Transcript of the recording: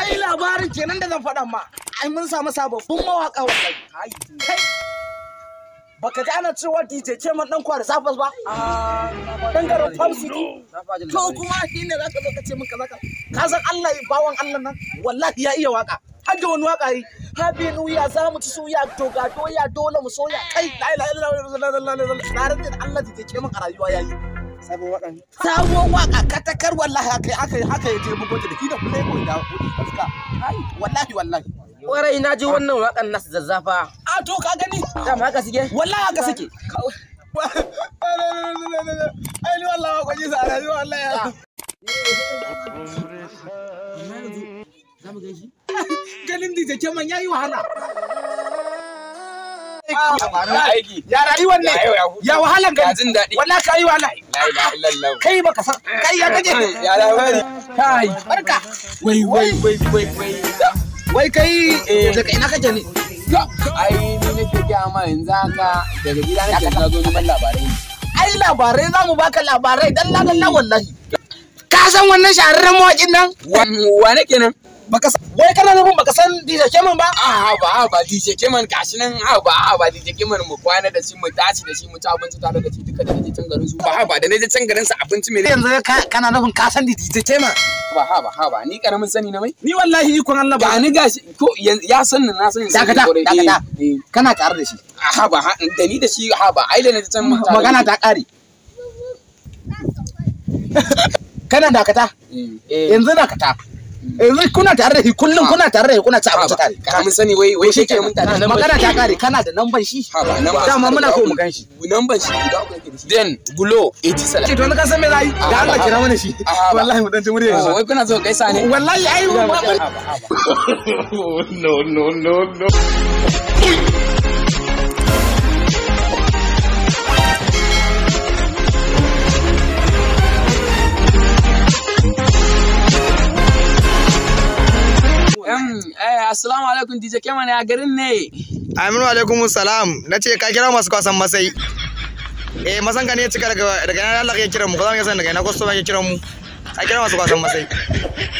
ai labarin kenan da zan faɗa ma ai mun samu sababbin mawaƙa wallahi kai baka ji ana cewa DJ ce man dan kwara safas ba dan garin Farm ne to kuma shine zaka zo ka ce min kaza ka san Allah bawan Allah nan wallahi ya iya waka har da wani waka yi happy new year za mu ci soya to ga doya dole mu soya kai la ilaha illallah Allah DJ ce min a rayuwa yayi sabuwar waka katakar wallahi haka haka haka ya je bugo da da ko da fuska wallahi wallahi na ji wannan wakan nasu zazzafa a to ka gani dama haka suke wallahi haka ai wallahi ba kwaji sa wallahi yayi wahala ya rayuwar ne ya wahala gani ka yi wahala kai baka san kai ya kake ya wani kai barka wai wai wai wai wai wai kai eh, daga ina kake ne ai ni nake ga ma yanzu haka daga gida nake ka zo neman labarai ai labarai za mu baka labarai dalla dalla wallahi ka san wannan shahararren mawaƙin nan Wa ne kenan baka wai kana nufin baka san DJ Keman ba a ah, ba ba DJ Keman gashi nan a ba ba DJ Keman mu kwana da shi mu tashi da shi mu ci abinci tare da shi duka da naje can garin su ba ba da naje can garin sa abinci mai yanzu kana nufin ka san DJ Keman ba ha ba ha ba ni karamin sani na mai ni wallahi ikon Allah ba ni gashi ko ya san ni na san shi dakata dakata eh, eh. kana tare da shi ah, a ha ba da ni da shi ha ba ai da naje can magana ta kare kana dakata eh, yanzu dakata yanzu eh, kuna tare da shi kullum kuna tare da kuna ci abinci tare kamin sani wai wai shi ke mun tare magana ta kare kana da namban shi dama muna ko mu gan shi namban shi da da ke shi. then gulo 87 ke to ka san me zai da Allah kira mana shi wallahi mu dan ji murya yanzu wai kuna so kai sa wallahi ai no no no no assalamu alaikum DJ Kemal ya garin ne. Aminu alaikum salam. Na ce ka kira masu kwasan masai. Eh masan ka ne cika daga daga yana Allah ya kira mu ko za mu san daga yana kwastoba ya kira mu. Ka kira masu kwasan masai.